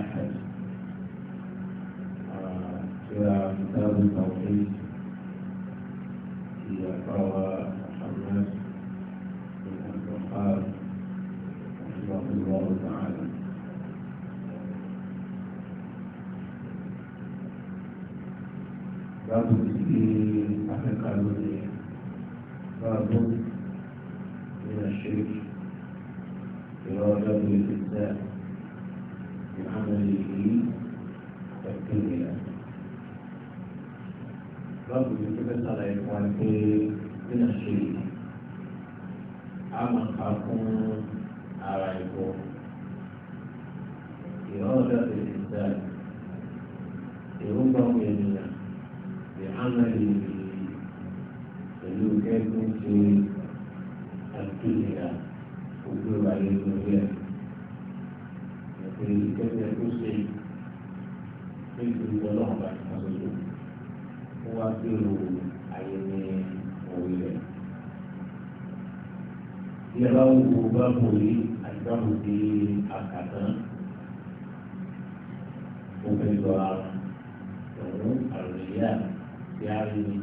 أحد كتاب التوحيد هي قرار ara ìbò ìrọ̀lẹ́ òṣèlú ìdáyà èròǹgbà òun ènìyàn ìhánà ìlú pẹ̀lú kẹ́kọ̀ọ́ ṣe àtúnyẹ̀dá gbogbo ìwàlẹ̀ lórí ẹ̀ pẹ̀lú kẹ́kọ̀ọ́ tó ṣe pẹ̀lú ìtọ́lọ́mọba ìtàkùn tó wá sí òwò. báàbò yìí àti báàbò di àkàtàn òbẹ̀lọ ọ̀hún àròyà tí a rí ni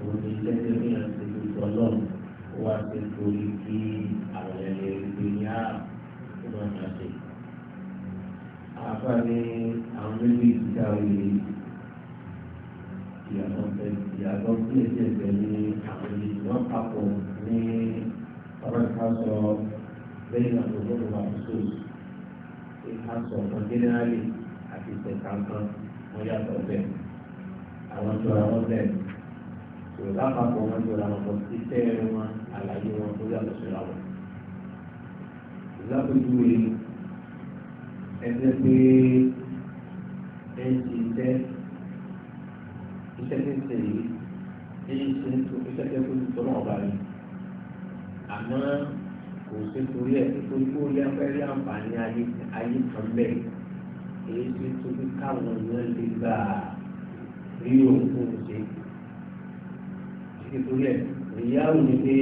òun ni lẹ́sẹ̀ ní àti tuntun ọlọ́run ó wá sí torí kí àwọn ẹ̀yẹ ìgbé ní àrùn tó máa máa ṣe. àfààní àwọn méjì ìdíjà òye ìyàtọ̀ ìyàtọ̀ tí èsì ẹ̀fẹ̀ àwọn ènìyàn papọ̀ ní ọ̀rọ̀ ìka sọ lẹ́yìn náà tó gbọ́dọ̀ wà lóṣù ìka sọ ọ̀kan jẹ́nẹ́rálì àti ìtẹ̀kànkan wọ́n yàtọ̀ bẹ́ẹ̀ àwọn jọra wọn bẹ́ẹ̀ tó lápapọ̀ wọn jọra wọn kọ sí tẹ́ẹ̀rẹ́ wọn àlàyé wọn tó yàtọ̀ síra wọn. ìlàkùnjúwe ẹgbẹ́ pé ẹ ń ṣiṣẹ́ iṣẹ́ tẹ̀sẹ̀ yìí ẹ ń ṣe iṣẹ́ tẹ̀sẹ̀ tó ń tọ́lọ́ ọ̀bá yìí àmọ́ kò ṣe torí ẹ̀ torí kó lé abẹ́rẹ́ àǹfààní ayé kan bẹ́ẹ̀ èyí tó tóbi káwọn èèyàn lè gbà rí òun kó o ṣe ṣe torí ẹ̀ ìyá òun ni pé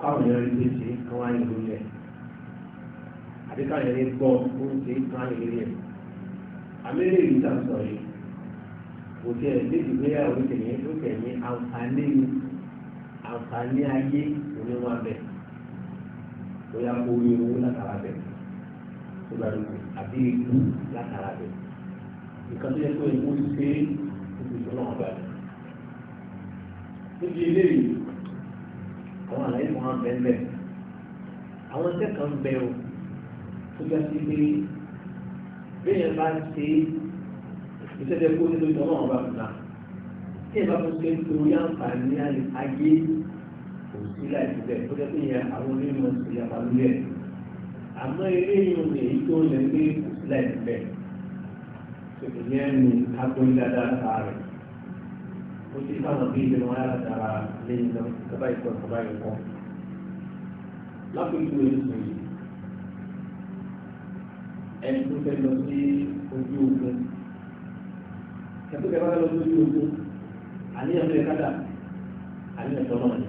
káwọn èèyàn lè ṣe kí wọ́n á yẹ lórí ẹ̀ àbí káwọn èèyàn lè gbọ́ kó o ṣe kí wọ́n á yẹ lórí ẹ̀ àmẹ́rẹ́ yìí ta sọ yìí kò tiẹ̀ lè dìgbéyàwó tẹ̀yẹ́ tó tẹ̀yẹ́ àǹfààní àǹfààní ayé mùsùlùmí wà bẹ̀ bóyá kó rí owó látara bẹ̀ tó bá rí àbí ikú látara bẹ̀ nǹkan tó yẹ kó ikú ṣe ìgbésọ̀ náà bá rẹ̀. níbi eléyìí àwọn àlàyé kan á bẹ́ẹ̀ bẹ́ẹ̀ àwọn iṣẹ́ kan bẹ́ẹ̀ o tó yá sí pé bẹ́ẹ̀ bá ṣe iṣẹ́ tẹ kó nítorí ọlọ́run bá fún ta tí bá fún ṣe nítorí àǹfààní ayé kò sí láìsí bẹ́ẹ̀ tó dẹ́kun yẹn àwọn onímọ̀ sí àbálùú yẹn àmọ́ eléyìí ni èyí tó lè gbé kò sí tòkè yẹn ni agbóyin dáadáa ta rẹ̀ ó ti fáwọn bí ìdènà wọn yára dára lẹ́yìn náà kaba ìkọ̀ kaba ìkọ̀ lápẹ̀jù èso yìí ẹni tó fẹ́ lọ sí ojú ogun ẹ̀kọ́ kẹfà lọ sí ojú ogun àníyàn fẹ́ kádà àníyàn tọ́lọ́ ni.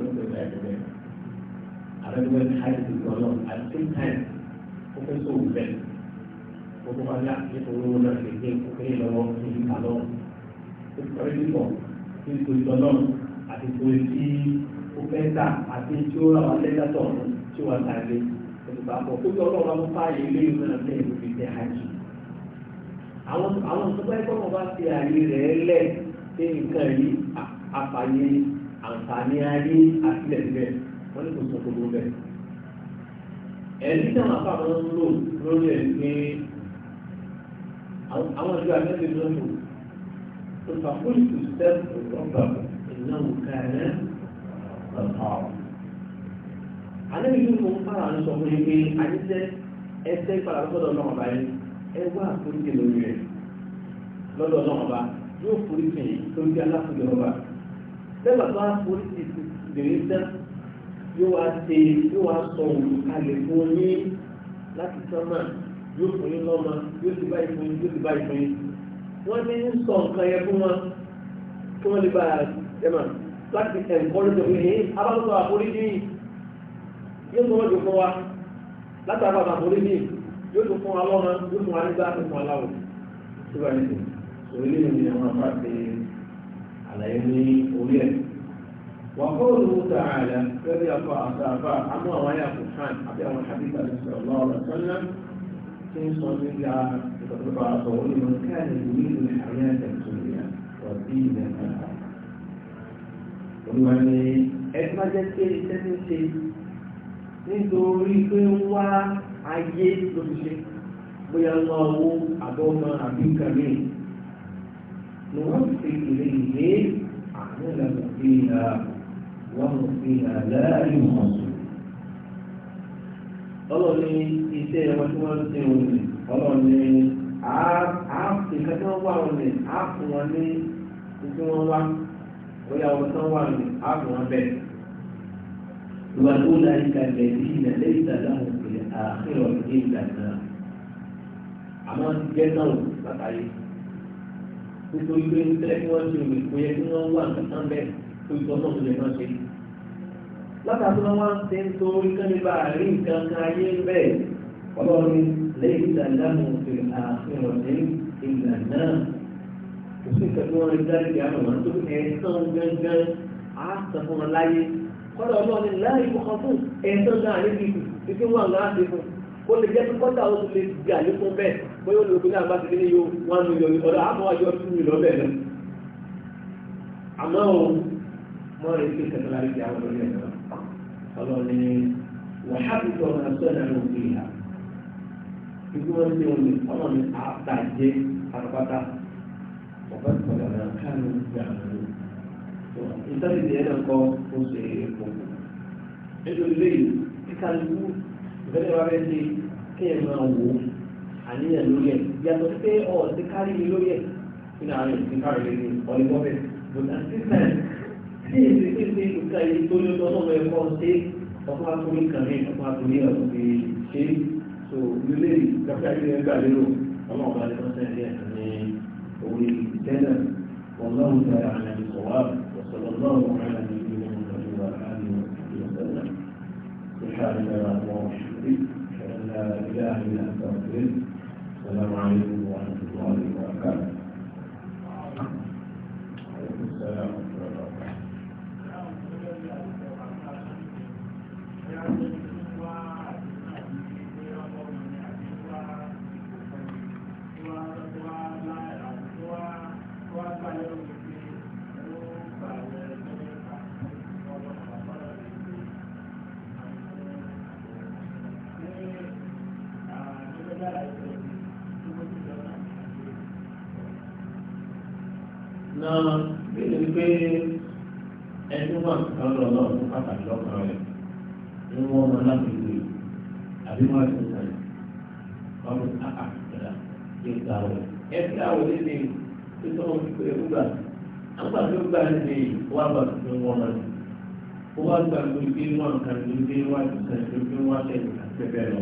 àbẹ̀wẹ̀ àìsí ìgbọ̀nà at the same time ó fẹ́ sóòwò bẹ́ẹ̀ ó tó bá yá nítorí owó náà lè gbé kékeré lọ́wọ́ ní ìta lọ́wọ́ ó ti parí pípọ̀ sí ìtò ìtọ́nà àti ìtò ìtì ó fẹ́ tà àti tí ó ra wà lẹ́dàtọ̀ tí ó wà tàgé ó ti bá bọ̀ ó yọ ọlọ́run àwọn fáyé ilé ìwé náà lẹ́yìn tó fi tẹ hajj àwọn àwọn ìtọ́gbà ẹ̀kọ́ wọn bá ti àyè rẹ̀ lẹ̀ sí nǹkan yìí àfààní àǹfààní ayé àtìlẹ́sílẹ̀ wọ́n ní kò sọ gbogbo bẹ́ẹ̀. ẹ̀rí táwọn afáàmọ́ ń lò lórí ẹ̀ pé àwọn ìjọ àtẹ́sẹ̀ ló ń lò tó fà fúlùkù sẹ́ẹ̀fù rọ́bà ìnáwó kàrẹ́ ọ̀tọ̀. alẹ́ ìlú mo ń fara àwọn sọ fún yín pé àyíṣẹ́ ẹsẹ̀ ìpadà lọ́dọ̀ náà ọ̀bá yín ẹ wá àforíjì lórí rẹ̀ lọ́dọ̀ náà ọba yóò forí kẹ̀yìn lórí aláforí ọba lẹ́gbàá tó á forí ti dèrè sẹ́ẹ̀fù yóò wá ṣe yóò wá sọ òǹkalẹ̀ fún yín láti sánmà yóò fún yín lọ́mọ yóò ti báyìí fún yín yóò ti báyìí fún yín. wọ́n ní ń sọ nǹkan yẹn fún wọn kí wọ́n lè bá ẹ̀mà láti ẹ̀ǹkọ́lẹ́jọ pé ní abáwọ̀sọ àforíjì yóò tún wọ́n jù fún wa láti abáwọ̀ àforíjì yóò tún fún wa lọ́mọ yóò tún wa nígbà tó fún wa láwọ̀ síbẹ̀ ní ìlú ìlú ni àwọn àbá àlàyé ní orí ẹ̀ وقوله تعالى الذي يقع أسافا أما ويا قرآن أبي أول حديث أن صلى الله عليه وسلم في صلى الله قول من كان يريد الحياة الدنيا والدين الآخر ومن أجمل شيء تنسي nítorí pé wá ayé ló fi ṣe bóyá ń wá àbọ́mọ àbí ni wọ́n fi ìrìn ìlé àmì ìlànà bíi náà wọ́n fìhà láàyè mọ̀ ọlọ́ọ̀ni iṣẹ́ ẹ̀wọ̀n tí wọ́n ti wọ̀ ní ọlọ́ọ̀ni ìkẹ́kẹ́ wà wọ̀ ní àfún wọn ní títí wọ́n wá bóyá wọn tán wà ní àfún wọn bẹ́ẹ̀. ìwà tó láyé kalẹ̀ bí ilẹ̀ lẹ́yìn ìdájọ́ pé àfihàn ní ìdájọ́ àmọ́ jẹ́ náà látàrí nítorí pé ń tẹ́lẹ̀ kí wọ́n ti rò pé kó yẹ kí wọ́n wà nǹkan tán bẹ́ẹ̀ tó ìtọ́nà tó lè má ṣe é bàtà tó máa ń ṣe ń torí kán ní bá rí nǹkan kan ayé bẹ́ẹ̀ ọlọ́run lẹ́yìn ìdàgbàsókè òfin àfihàn ọ̀dẹ́ ìgbà náà kò sí nǹkan tí wọ́n rí dárí ìyá àwọn tó ẹ̀ sàn gángan á sàn fún wọn láyé kọ́dọ̀ ọlọ́run láàyè kọ́kọ́ fún ẹ̀ sàn náà níbi ìfi wọn àgbà á ti fún ó lè jẹ́ kọ́tà ó lè gbà ní fún bẹ́ẹ̀ bóyá ó lè gbé náà bá ti ní yóò àmọ́ àjọ mọ́ rẹ̀ ṣe kẹtàlá rí ti àwọn olóyè ọlọ́ni wàhálùkọ́ náà sọ̀rọ̀ ní òkè ìhà ibi wọn ní omi ọlọ́ni àtàjẹ́ àpáta ọ̀pẹ́ pọ̀lọ̀ náà kánú gbàgbọ́ ìtọ́lẹ̀dẹ̀ ẹ̀rọ kọ́ ó ṣe èkó nítorí lẹ́yìn kíkà lùkù ìfẹ́lẹ́ wa fẹ́ ṣe kéèyàn máa wò ó àníyàn lórí ẹ̀ yàtọ̀ pé ọ̀ ti kárí mi lórí ẹ̀ kárí mi bẹ́ẹ̀ tí èsì tí ti ìka yìí tó lé lọ́nà ẹ̀kọ́ ṣe ọkọ̀ àtúnyí kan ní ọkọ̀ àtúnyí ọ̀sùn ti ṣe so nílé ìgbàgbé ẹgbà lérò ọmọ ọba ní ọ̀sẹ̀ ní ẹ̀sìn ní orí tẹ́lẹ̀ ọlọ́run tẹ àlẹ́ ìkọ̀wá ọ̀sọ̀lọ́lọ́run àlẹ́ ìgbìmọ̀ ìgbàlúwà àlẹ́ ìgbìmọ̀ ìgbàlúwà na bíi wípé ẹni wà kan lọ náà fún pàtàkì ọkàn rẹ̀ ní wọ́n máa láti gbé e, àbí wọ́n ti sàn ọdún káàkà ìjọba yóò gbà wọ́n. ẹ fi àwọn ilé ní tó ń fi pé gbà àgbà tó gbà ní wà bá tuntun wọn náà ó wá gbà lórí bí wọn kan lórí bí wọn ti sàn lórí bí wọn tẹ̀lé àti bẹ́ẹ̀ lọ.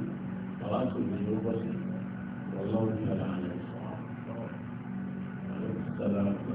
فرأت الجنوب والله تعالى عليه الصلاة والسلام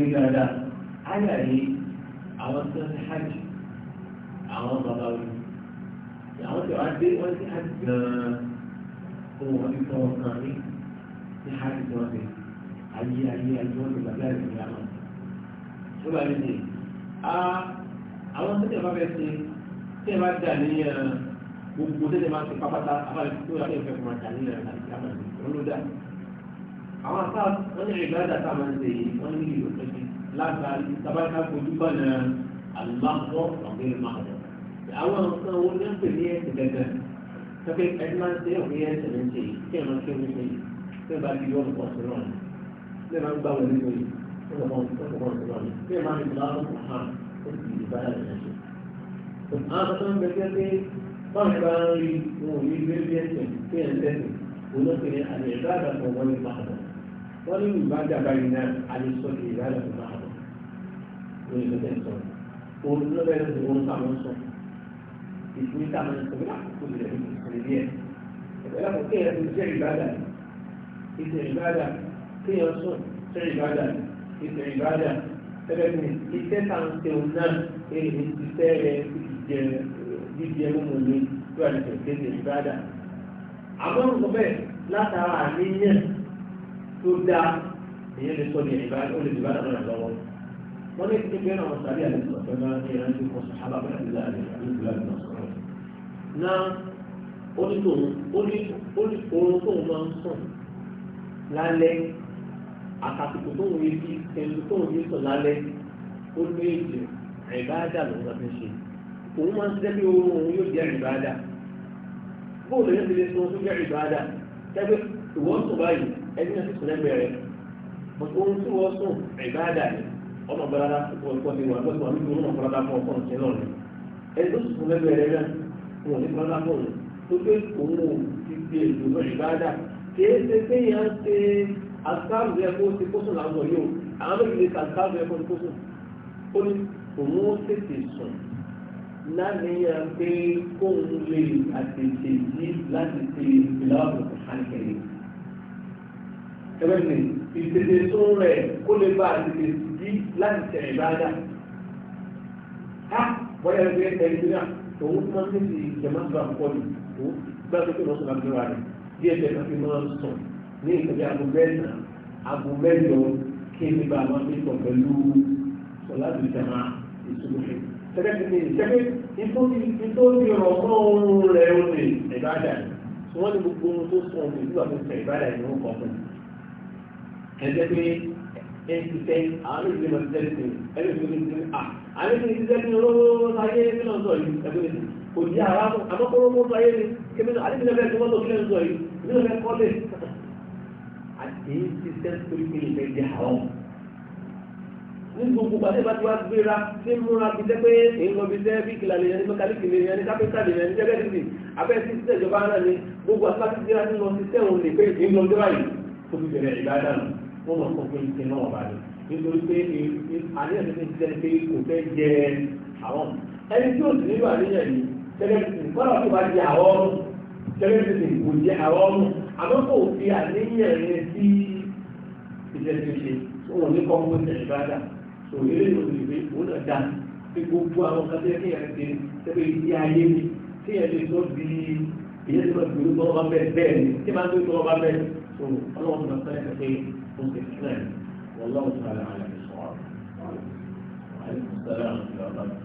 rí dáadáa áyà yìí àwọn tó ń hajj àwọn bàbá wí àwọn tó adé wọ́n ti hajj gan-an ohun wọn ti tọwọ́ kan ní ti hajj tó ń bẹ ayé ayé ayé wọn ti bàbá ìrìn àwọn tó bá mi ní àwọn tó tẹ̀ bá fẹ́ ṣe tẹ̀ bá dà ní gbogbo tẹ̀ bá ti pápátá abáyé tó yà kẹ́ fún wa dà ní ìrìn àti àmàlẹ́ olódà àwọn sáà wọ́n ní ìgbàdà tá a máa ń ṣe yìí wọ́n ní ìlú pẹ́ẹ́sì látàrí tabata kojú bọ́nà aláwọ̀ ọ̀gbìn máàdọ̀ àwọn nǹkan wo ní ẹ̀sìn ní ẹ̀sìn gẹ́gẹ́ pẹ́pẹ́ ẹni máa ń ṣe ọ̀gbìn ẹ̀sìn ní ṣe yìí kí ẹ̀ máa ṣe wọ́n ṣe yìí kí ẹ̀ bá ti yọ̀ ọ̀pọ̀ sí lọ́nà kí ẹ̀ máa ń gbà wọlé lórí ọ̀pọ̀ sí lọ́nà kí ẹ̀ máa ń gbà wọlé lórí wọ́n ní ìbáda báyìí náà alẹ́sọ́ọ̀dì ìbáda tó máa lọ lórí ìlú tẹ̀ sọ òun ló bẹ̀rẹ̀ sí òun táwọn sọ ìpín táwọn sọ bí àkókò lè rí ìpínlẹ̀ yẹn ẹ̀fẹ́ lápò kéèyàn ti jẹ́ ìbáda ìtẹ̀ ìbáda kéèyàn sọ jẹ́ ìbáda ìtẹ̀ ìbáda ẹ̀fẹ́ mi iṣẹ́ táwọn òun náà èyí ti tẹ́ ẹ àmọ́ òun bẹ́ẹ̀ látara àníyàn tó dáa èyí lè sọ ní ìbáraẹni ó lè dìbà náà lọ́nà lọ́wọ́ wọ́n ní ìpínlẹ̀ náà wọ́n sàbí àlejò ọ̀fẹ́ máa ń yẹra ní kọ́sọ̀ sábàbà ìlà àlejò ìlà ìlà sọ̀rọ̀ náà ó ní tòun ó ní oorun tóun máa ń sùn lálẹ́ àkàtúntò tóun yé sí ẹnu tóun yé sùn lálẹ́ ó ní èjì ìbáradà lòun náà fi ṣe òun máa ń ṣiṣẹ́ bí oorun òun yóò jẹ́ ìbáradà bóòlù yẹn ti lè sọ fún jẹ́ ìbáradà tẹ́gbẹ́ ìwọ́n sùn báyìí ẹni náà sùn lẹ́gbẹ̀ẹ́ rẹ̀ ohun tí wọ́n sùn ìbáàdà ni ọmọ gbọ́dá ọkọ̀ ti wà lọ́sùn àbí kí wọ́n gbọ́dá fún ọkọ̀ nìkan náà ni ẹni tó sùn lẹ́gbẹ̀ẹ́ rẹ̀ náà wọn ò ní gbọ́dá fún òun tó pé òun ò ti di èlò náà ìbáàdà kìí ṣe pé yẹn ṣe àtàrù yẹ kó ti kóso làwọn yóò àwọn méjì lè ta kó ti kóso ó ní òun ó tètè sùn pé kóun lè àtètè yí láti ṣe ìlànà àkẹyìn ẹgbẹ́ mi ìtètè tó rẹ̀ kó lè bá àtètè sí láti tẹ̀lé dáadáa. a bọ́yá ẹgbẹ́ nàìjíríà òun máa ń ni òun gbá tó tó lọ́sọ̀rọ̀ àbúrò rẹ̀ bí ẹgbẹ́ náà fi máa ń sọ ní ìpínlẹ̀ aago mẹ́ta aago mẹ́jọ kí ẹni bá máa fi sọ pẹ̀lú sọlá ìjọba ìṣòwò sẹ́kẹ́tì ní ìṣẹ́kẹ́ nítorí ọ̀rọ̀ ọ̀run rẹ̀ ó lè ìbádà wọ́n ní gbogbo ohun tó sọ ọ̀run ìlú àti ìṣẹ̀ ìbádà ìlú ọkọ̀ ọ̀gbìn ẹ̀jẹ̀ pé ẹ̀jẹ̀ tẹ àwọn ìdílé máa ti tẹ́lẹ̀ tẹ̀lé ẹ̀jẹ̀ tó ti tẹ́lẹ̀ à àwọn ìdílé ti tẹ́lẹ̀ olówó sáyé kí náà sọ yìí ẹ̀jẹ̀ tẹ̀lé kò jẹ́ ara àmọ́kọ́rọ́mọ́ sáyé ni kébí náà àdébìnrin bẹ́ẹ̀ tó wọ́n tó kí náà sọ yìí kébí náà bẹ́ẹ̀ kọ́lé àti ti tẹ́ ní gbogbo pàṣẹ bá ti wá gbéra ní múra fi jẹ́ pé èèyàn fi jẹ́ bí kìlà lèyàn ní mẹkáníkì lèyàn ní kápẹ́tà lèyàn ní jẹ́gẹ́ dìbì abẹ́ sí sísẹ̀ ìjọba náà ni gbogbo àti láti gbéra nínú ọtí sẹ́wọ̀n lè pé èèyàn lọ jọba tó fi bẹ̀rẹ̀ ìgbà dànù ó lọ sọ pé ìṣe náà wà ní nítorí pé àníyàn tó ti jẹ pé kò fẹ́ jẹ àwọn ẹni tí ó sì nílò àníyàn yìí tẹ́lẹ̀ kọ́nà tó bá jẹ àwọn ọ̀run tẹ́lẹ̀ tó ti kò jẹ àwọn ọ̀run àmọ́ kò fi àníyàn rẹ̀ sí ìṣẹ́ tó ṣe ó wọ̀ ní kọ́ńgó tẹ̀lé bá dà tò eré ìròyìn ìwé òun náà dà pé gbogbo àwọn kan tẹ́lẹ̀ kéèyàn ti tẹ́lẹ̀ ìdí ayé mi kéèyàn lè tó di ìyẹn tó bá gbèrú tó wọ́n bá bẹ́ẹ̀ bẹ́ẹ̀ ni tí máa ń gbé tó wọ́n bá bẹ́ẹ̀ الإسلام والله تعالى على الصواب وعليكم السلام ورحمة الله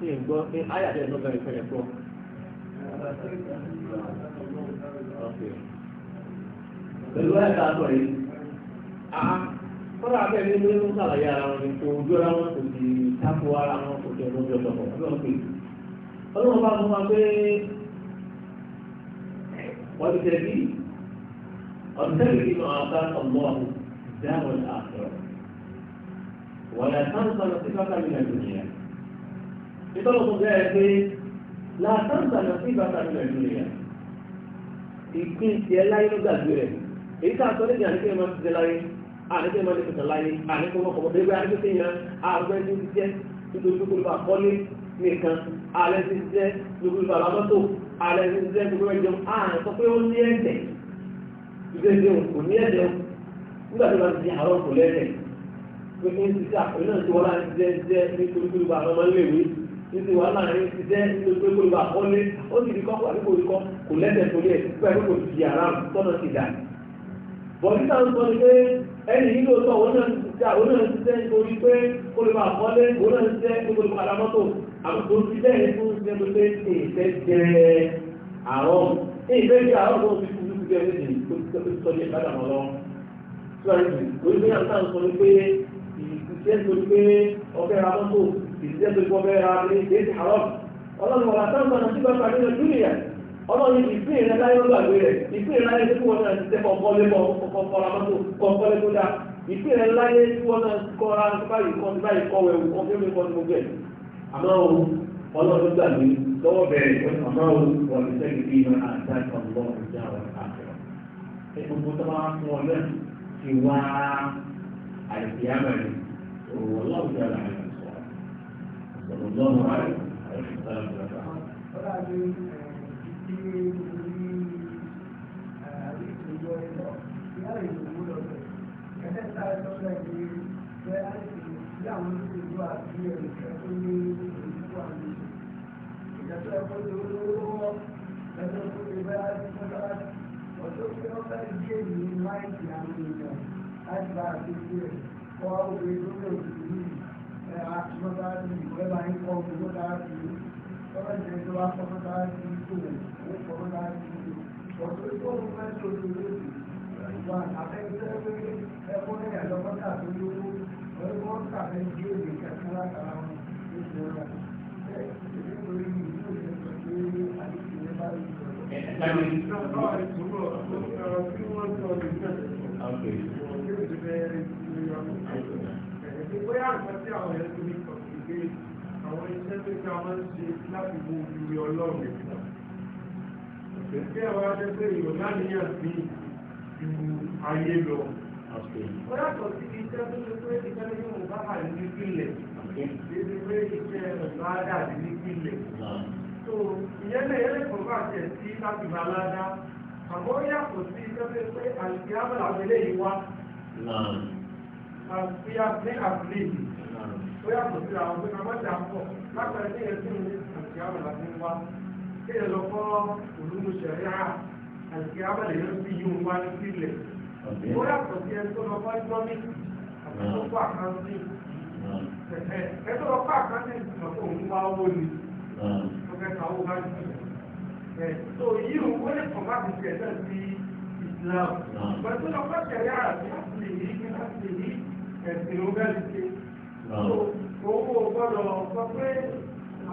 Sí, gbọ́ pé ayàdé ẹ̀ lọ́gbẹ̀rẹ̀ fẹ́rẹ̀ pọ̀. Pẹ̀lú ẹ̀ka sọ̀rọ̀ yìí. Ah, kọ́dà abẹ́ mi ló ń sàlàyé ara wọn ni kò ojú ara wọn kò sì tako ara wọn kò tẹ̀ lọ́jọ́ tọ̀pọ̀ ọlọ́run pé ọlọ́run bá fún wa pé wọ́n ti tẹ̀ bí ọ̀tẹ́lẹ̀ nínú àbá ọlọ́run dáhùn àtọ̀ wọ́n yà sáà ń sọ̀rọ̀ sí bàtà mi lẹ́nu nìyà nítorí ọkùnrin bẹ́ẹ̀ pé làtàn sàlọ̀ sí bàtà mi lẹ́nu nìyà ìpín tiẹ̀ láyé ló gbàgbé rẹ̀ èyí tá sọ ní kí ẹ àdéhùn máa ní kẹsàn láyé àdéhùn wọn kọ̀ọ̀kan bẹ́ẹ̀ àdéhùn ti yan àgbẹ̀ ti jẹ́ nítorí kókó lóba kọ́lé nìkan àlẹ́ ti jẹ́ lókó lóba lábọ́tò àlẹ́ ti jẹ́ lókó lóba jẹun àrùn sọ pé ó ní ẹ̀jẹ̀ ìdíje kò ní ẹ̀jẹ̀ nígbà tó bá ti di àárọ̀ kò lẹ́jẹ̀ pé ní ti sá òun náà ti wọ́n láti jẹ́ jẹ́ nítorí kókó lóba àwọn ọmọ iléèwé títí wà láàrin ti jẹ́ nítorí pé kókó lóba kọ́lé ó ti di kọ́ kò lẹ́jẹ̀ torí ẹ̀ pẹ̀lú kò ti di àrà tọ́nà ti dà bọ̀dí táwọn sọ ni pé ẹni nílò sọ òun náà ti ṣiṣẹ́ òun náà ti ṣiṣẹ́ nítorí pé kó lè máa kọ́lé òun náà ti ṣiṣẹ́ nítorí pé kó lè máa àbùkù ti bẹ́ẹ̀ fún ṣiṣẹ́ tó ṣe ìfẹ́ jẹ àrọ́ ìfẹ́ jẹ àrọ́ tó fi kúrú ti bẹ́ẹ̀ lè tó ti tọ́jú tọ́jú ìbádà mọ́ lọ. síwájú lórí bí yàtọ̀ sọ pé ìṣiṣẹ́ tó pé ọ̀fẹ́ ra mọ́tò ìṣiṣẹ́ tó pé ọ̀fẹ́ ra ilé ìṣẹ́ àrọ́ ọlọ́run wà látàkùn ọlọ́run ìpín ìrẹ́ láyé ló rẹ̀ ìpín ìrẹ́ láyé tí wọ́n náà ti tẹ́kọ̀ ọkọ̀ lébọ̀ kọ̀ọ̀kọ̀ra mọ́tò kọ̀ọ̀kọ̀ dá ìpín ìrẹ́ láyé tí wọ́n náà kọ́ra báyìí kọ́ báyìí kọ́ wẹ̀wù kọ́ fílẹ̀ kọ́ gbogbo ẹ̀ àmọ́ òun ọlọ́run gbàgbé lọ́wọ́ bẹ̀rẹ̀ àmọ́ òun wọ́n ti tẹ́ ọlọ́run ìjà wọn fún ọ náà ti tí mo ní àrí ìtòjú ọ̀rẹ́ lọ ní àrí ìtòjú lọ́sẹ̀ ẹ̀fẹ́ sáré lọ́sẹ̀ ní bẹ́ẹ̀ àrí ìtòjú sí àwọn olùdókòwò àti ẹ̀rù kẹ́kọ̀ọ́ ní olùdókòwò àmì ìjẹ́sọ́ ẹ̀kọ́ ní olówó ẹ̀sọ́ tó lè bẹ́ẹ̀ àrí ìtòjú ọ̀dọ́ pé wọ́n fẹ́ gé ní láìsí àwọn èèyàn láti bá àti ìgbé kọ́ obìnrin tó lè rí ẹ̀ àtúmọ̀tá sí ìwẹ́bà ń kọ́ obìnrin tó dára sí i tọ́lá ìjẹ́jọ́ akọ́mọ́tá sí i tó lè rí. Bóyá nǹkan àwọn ẹ̀sùn tó kí máa ń ṣe láti wo ìrìn ọlọ́run. Ìjẹ́ àwọn ajẹ́gbé ìrọ̀lá ní àti ìlú ayé lọ. Ó yàtọ̀ sí iṣẹ́ tó ṣe pé ìṣẹ́ ní ìwọ̀n bá hà ní ìpínlẹ̀. Ìṣẹ́ pé iṣẹ́ ọ̀gá dàbí ní ìpínlẹ̀. So ìyẹn lè yẹ́lẹ̀ kọ̀ọ̀kọ́ àti ẹ̀sí láti bá ládá. Àmọ́ ó yàtọ̀ sí iṣẹ́ tó pé àìsí ábàlà wẹlé yìí wá. Àti àti àbúlé yìí. Ó yàtọ̀ sí àwọn pé ká má kéèyàn lọ kọ́ òdúgbò ṣẹ̀ríà àti abẹ́lẹ̀ yẹn fi yí wọn wá ní sílẹ̀ ó yàtọ̀ sí ẹni tó lọ kọ́ ìtọ́mí àti tó kọ́ àkáńtì ẹni tó lọ kọ́ àkáńtì ìtumọ̀ tó ń Islam pẹ̀lú tó lọ kọ́ ṣẹ̀ríà àti láti lè yí láti lè yí ẹ̀sìn ṣe owó gbọ́dọ̀ sọ pé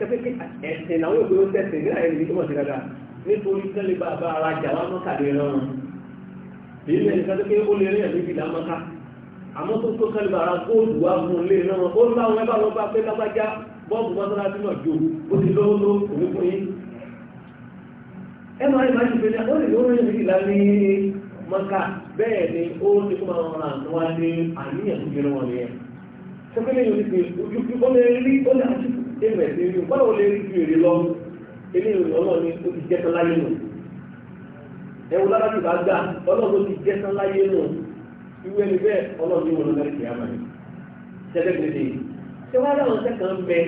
tẹ́fẹ́ kí ẹ̀sìn làwọn òbí ó tẹ̀sìn nígbà yẹn tó mọ̀ sí dáadáa nítorí tẹ́lẹ̀ bá bá ara jà wá mọ́kàdé rán èyí lẹ́yìn ká tó pé ó lè rí ẹ̀mí ìlà mọ́ká àmọ́ tó tó kẹ́lẹ̀ bá ara góòlù wá mú un lé rán wọn ó láwọn ẹbá wọn bá pé lágbájá bọ́ọ̀bù mọ́sálásí náà jò ó ti lọ́wọ́ ló òní fún yín ẹ máa ń máa ń fẹ́ ó lè ó rí ìlà ní mọ́ká bẹ́ẹ̀ ni ó ti kó máa rán àwọn àníyàn tó gbé wọn nìyẹn sọ rí o kọ́nà ó lè rí ju èrè lọ ilé ìròyìn ọlọ́run ni ó ti jẹ́ tán láyé nù ẹ wo lára ti bá gbà ọlọ́run ó ti jẹ́ tán láyé nù irú ẹni bẹ́ẹ̀ ọlọ́run ní wọlé lẹ́rìí kìá màní sẹ́dẹ́gbẹ̀dẹ̀ ṣé wàá dáhùn sẹ́kàn bẹ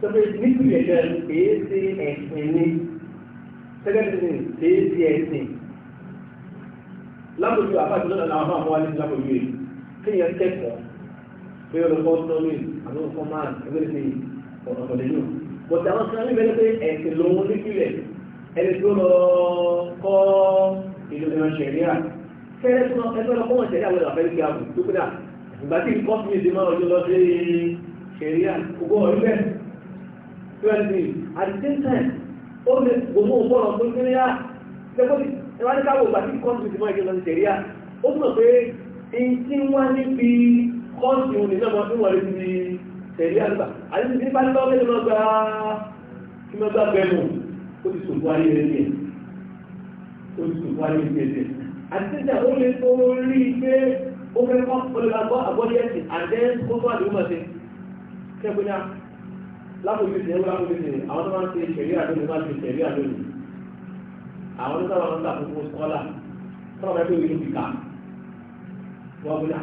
sọ́dọ̀ nítorí ẹ̀jẹ̀ kìí ẹ̀sìn ni sẹ́dẹ́gbẹ̀dẹ̀ kìí lábòjú àpáàdé náà làwọn máa mọ bọ̀dà wọn sọ níbẹ̀ pé ẹ̀sìn lòun nípìnlẹ̀ ẹni tó lọ kọ́ ìlú ìran ṣẹ̀ríà fẹ́rẹ́ tó ẹgbẹ́ lọ kọ́wọ́n ṣẹ̀ríà wọlé àfẹ́ ìgbà àbò tó kúdà ìgbà tí nǹkan fún ìdí máa lọ sí ṣẹ̀ríà gbogbo ọ̀rí bẹ́ẹ̀ twenty at the same time ó lè gbogbo òpónà tó kéré yá lẹ́kọ́tì ẹwà ní káwọ̀ ìgbà tí nǹkan fún ìdí máa ọjọ́ lọ sí ṣẹ̀ríà ó túnmọ̀ pé ẹni tí wọ́n níbi kọ́ọ̀tù òní náà tẹ̀lé àgbà àti ti bá lọ́wọ́ lẹ́nu ọgbà kí wọ́n gbà bẹ́ẹ̀mù ó ti sòkò ayé rẹ̀ díẹ̀ ó ti sòkò ayé rẹ̀ díẹ̀ àti tẹ̀lé ó lè tó rí i pé ó fẹ́ kọ́ olùgbàgbọ́ àgbọ́dẹ́sì àdé kó tó àdéhùn mọ̀ sí kẹ́kọ̀ọ́ náà lápòjú ti ẹwú lápòjú ti àwọn tó máa ń ṣe ìṣẹ̀rí àdóni máa ń ṣe ìṣẹ̀rí àdóni àwọn tó sábà máa ń gbà fún fún sọ́lá sọ́lá bẹ́ẹ̀ tó yẹ kí ká wọ́n gbé náà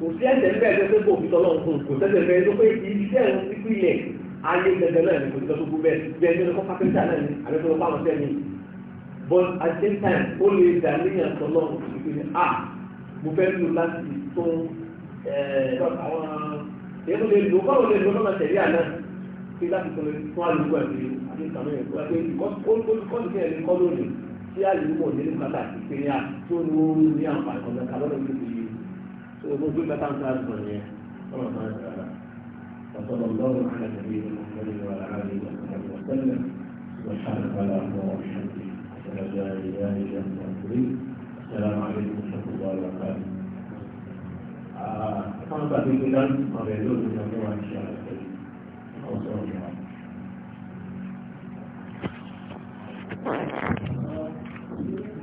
kò sí ẹsẹ̀ níbẹ̀ tó pé kò fi tọ́lọ́ nǹkan kò sẹ́sẹ̀ bẹ́ẹ̀ tó pé iṣẹ́ òun ti kú ilẹ̀ ayé gẹ́gẹ́ náà ni kò sí lọ́sọ́gbó bẹ́ẹ̀ bẹ́ẹ̀ tó lọ́kọ́ kápẹ́ntà náà ni àbẹ́tọ́ lọ́kọ́ àwọn sẹ́ni but at the same time ó lè dà níyàn tọ́lọ́ ìpínlẹ̀ a mo fẹ́ lò láti tún àwọn èèyàn tó lè lò báwo lè lò lọ́nà tẹ̀lé àná pé láti tún àlùkò àti àti ìtàwọn èèyàn tó wá pé gbogbo ìgbàta ń sáré وصلى الله على نبينا محمد وعلى اله وصحبه وسلم وسلم على وبحمدك اشهد ان لا اله السلام عليكم ورحمه الله وبركاته آه، كما قد قلنا ما يدور من الله ان شاء الله وصلى Thank you.